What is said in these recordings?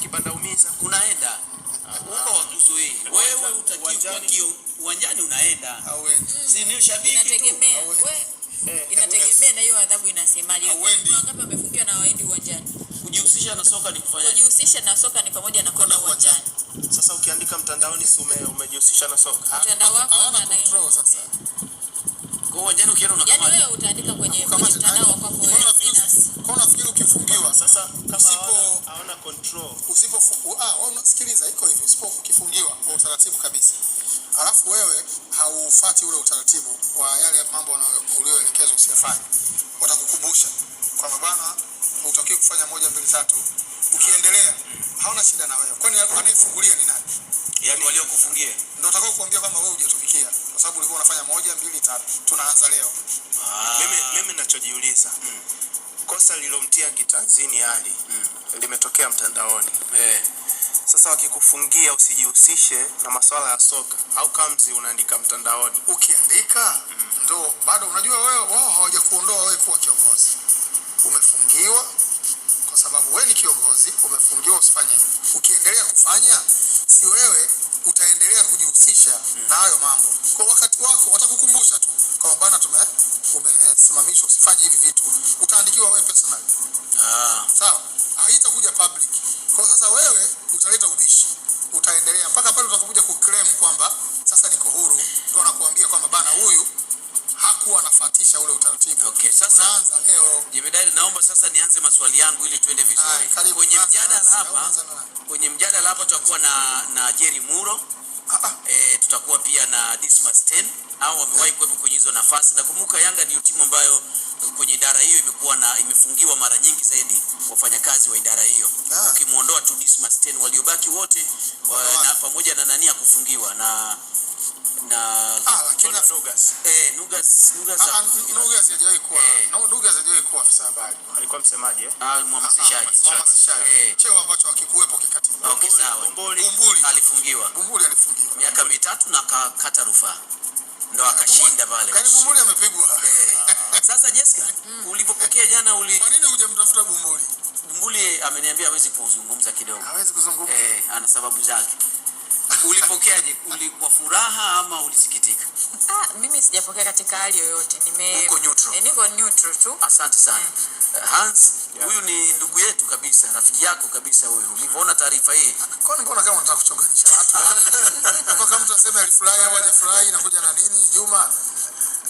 kipanda umiza kunaenda uko uzuii wewe utakiwa uwanjani unaenda si ni shabiki tu inategemea eh, eh, inategemea na hiyo adhabu inasemaje. ngapi wamefungiwa na waendi uwanjani? Kujihusisha na soka ni kufanya kujihusisha na soka ni pamoja na kwenda uwanjani. Sasa ukiandika mtandaoni, si umejihusisha na soka, mtandao wako ana control sasa kwa uwanjani, ukienda unakamata, yani wewe utaandika kwenye mtandao yaani wako wewe kwa nafikiri ukifungiwa sasa, kama usipo haona control, usipo ah, oh, sikiliza, iko hivi, usipo ukifungiwa kwa utaratibu kabisa, alafu wewe haufuati ule utaratibu wa yale mambo ulioelekezwa usiyafanye, watakukumbusha kwamba bwana, hutakiwi kufanya moja mbili tatu. Ukiendelea haona shida na wewe, kwani anayefungulia ni nani? Yaani waliokufungia ndio utakao kuambia kwamba wewe hujatumikia kwa sababu ulikuwa unafanya moja mbili tatu. Tunaanza leo. Ah. Mimi mimi ninachojiuliza hmm kosa lilomtia kitanzini hali yaani, mm. limetokea mtandaoni yeah. Sasa wakikufungia usijihusishe na masuala ya soka au kamzi unaandika mtandaoni, ukiandika mm. ndo bado unajua wewe, wao hawajakuondoa wewe kuwa kiongozi, umefungiwa kwa sababu wewe ni kiongozi, umefungiwa usifanye hivyo. Ukiendelea kufanya, si wewe utaendelea kujihusisha mm. na hayo mambo, kwa wakati wako watakukumbusha tu kwa mabana tume umesimamishwa usifanye hivi vitu, utaandikiwa wewe personal. Ah. Sawa? Haitakuja public. Kwa sasa wewe utaleta ubishi. Utaendelea mpaka pale utakuja kuclaim kwamba sasa niko huru, ndio anakuambia kwamba bana huyu hakuwa anafuatisha ule utaratibu. Okay, sasa naanza leo. Jemedari, naomba sasa nianze maswali yangu ili tuende vizuri. Kwenye ah, mjadala hapa, kwenye mjadala hapa tutakuwa na na Jerry Muro e, tutakuwa pia na Dismas 10 au wamewahi kuwepo kwenye hizo nafasi. Nakumbuka Yanga ndio timu ambayo eh, kwenye idara hiyo imekuwa na imefungiwa mara nyingi zaidi wafanyakazi wa idara hiyo, ah. ukimwondoa tu Dismas 10 waliobaki wote wa, na pamoja na nani kufungiwa na na alifungiwa, miaka mitatu na kakata rufaa ndo akashinda pale. Bumbuli yaani amepigwa eh. Sasa Jessica, hmm. ulipopokea jana uli kwa nini hujamtafuta Bumbuli? Bumbuli ameniambia hawezi kuzungumza kidogo, hawezi kuzungumza eh, ana sababu zake. ulipokeaje? Uli kwa furaha ama ulisikitika? Ah, mimi sijapokea katika hali yoyote. Nime uko neutral. E, niko neutral tu. Asante sana. Yeah. Eh, Hans, huyu ni ndugu yetu kabisa, rafiki yako kabisa huyu. Ulivyoona taarifa hii, kwa nini mbona kama unataka kuchonganisha watu? Mpaka mtu aseme alifurahi au hajafurahi inakuja na nini? Juma,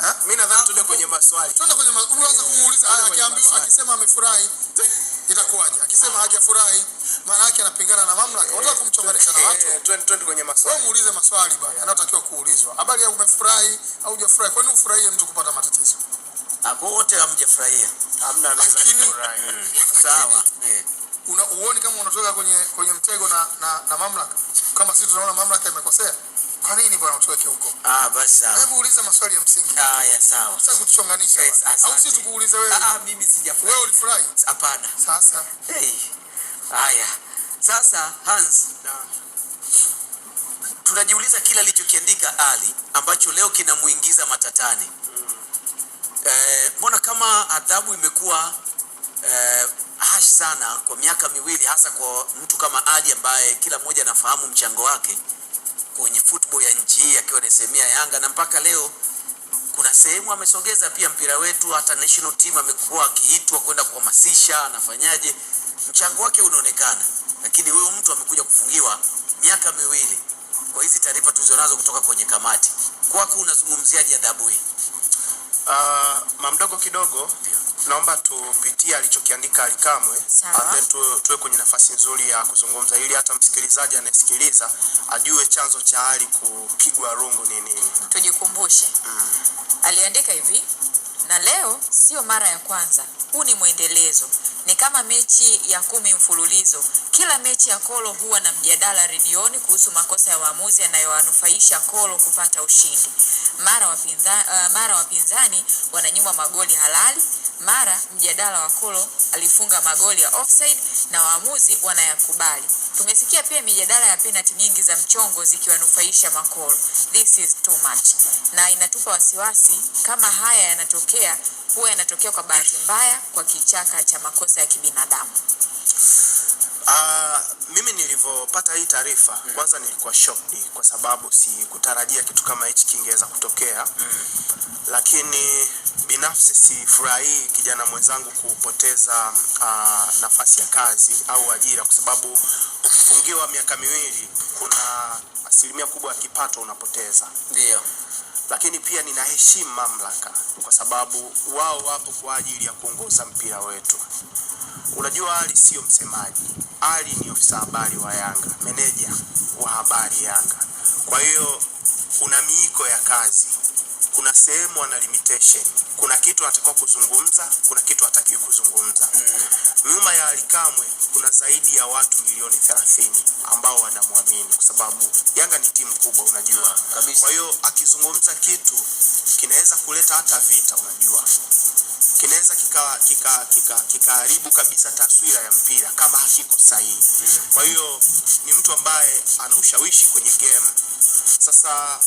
eh? mimi nadhani tuende kwenye maswali. Tuende kwenye maswali. Unaanza kumuuliza, ah, akiambiwa akisema amefurahi itakuwaje? Akisema hajafurahi, maana yake anapingana na mamlaka. Unataka kumchonganisha na watu, eh, twende kwenye maswali. Wewe muulize maswali bwana yanayotakiwa kuulizwa, habari ya umefurahi au hujafurahi. Kwani ufurahie mtu kupata matatizo? Hapo ah, wote hamjafurahia, hamna anaweza kufurahi. Hmm. Sawa, eh. una uone kama unatoka kwenye kwenye mtego na na, na mamlaka. Kama sisi tunaona mamlaka imekosea kwa nini bwana utuweke huko? Ah, basi sawa. Hebu uliza maswali ya msingi. Ah, ya sawa. Sasa kutuchonganisha. Yes, au sisi tukuulize wewe? Ah, ah, mimi sijafurahi. Wewe ulifurahi? Hapana. Sasa. Hey. Haya. Sasa Hans. Na. Tunajiuliza kila alichokiandika Ali ambacho leo kinamuingiza matatani. Mm. Eh, mbona kama adhabu imekuwa eh, hash sana kwa miaka miwili hasa kwa mtu kama Ali ambaye kila mmoja anafahamu mchango wake kwenye football ya nchi hii akiwa anaisemea Yanga, na mpaka leo kuna sehemu amesogeza pia mpira wetu, hata national team amekuwa akiitwa kwenda kuhamasisha, anafanyaje, mchango wake unaonekana, lakini huyo mtu amekuja kufungiwa miaka miwili kwa hizi taarifa tulizonazo kutoka kwenye kamati. Kwako unazungumziaje adhabu hii? Uh, ah, mamdogo kidogo Tunaomba tupitie alichokiandika Alikamwe then tuwe kwenye nafasi nzuri ya kuzungumza, ili hata msikilizaji anayesikiliza ajue chanzo cha Ali kupigwa rungu ni nini. Tujikumbushe mm. Aliandika hivi na leo sio mara ya kwanza. Huu ni mwendelezo, ni kama mechi ya kumi mfululizo. Kila mechi ya Kolo huwa na mjadala redioni kuhusu makosa ya waamuzi yanayowanufaisha Kolo kupata ushindi. Mara wapinzani, uh, eh, mara wapinzani magoli halali mara mjadala wa Kulo alifunga magoli ya offside na waamuzi wanayakubali. Tumesikia pia mijadala ya penati nyingi za mchongo zikiwanufaisha Makolo. This is too much. Na inatupa wasiwasi kama haya yanatokea huwa yanatokea kwa bahati mbaya kwa kichaka cha makosa ya kibinadamu. Uh, mimi nilivyopata hii taarifa mm. Kwanza nilikuwa shocked kwa sababu sikutarajia kitu kama hichi kingeweza kutokea mm. Lakini binafsi sifurahii kijana mwenzangu kupoteza uh, nafasi ya kazi au mm. ajira, kwa sababu ukifungiwa miaka miwili kuna asilimia kubwa ya kipato unapoteza, ndio lakini pia ninaheshimu mamlaka kwa sababu wao wapo kwa ajili ya kuongoza mpira wetu. Unajua, hali sio msemaji ali ni ofisa habari wa Yanga, meneja wa habari Yanga. Kwa hiyo kuna miiko ya kazi, kuna sehemu ana limitation, kuna kitu anatakiwa kuzungumza, kuna kitu hatakiwi kuzungumza. Mm. Nyuma mm. ya Alikamwe kuna zaidi ya watu milioni 30 ambao wanamwamini kwa sababu Yanga ni timu kubwa, unajua. Kwa hiyo akizungumza kitu kinaweza kuleta hata vita, unajua kinaweza kikaharibu kika, kika, kika kabisa taswira ya mpira kama hakiko sahihi. Mm. Kwa hiyo ni mtu ambaye ana ushawishi kwenye game. Sasa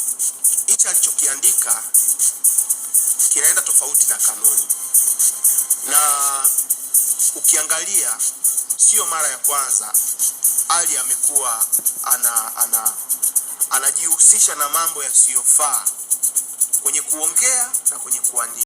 hichi alichokiandika kinaenda tofauti na kanuni, na ukiangalia sio mara ya kwanza Ali amekuwa ana, ana, anajihusisha na mambo yasiyofaa kwenye kuongea na kwenye kuandika.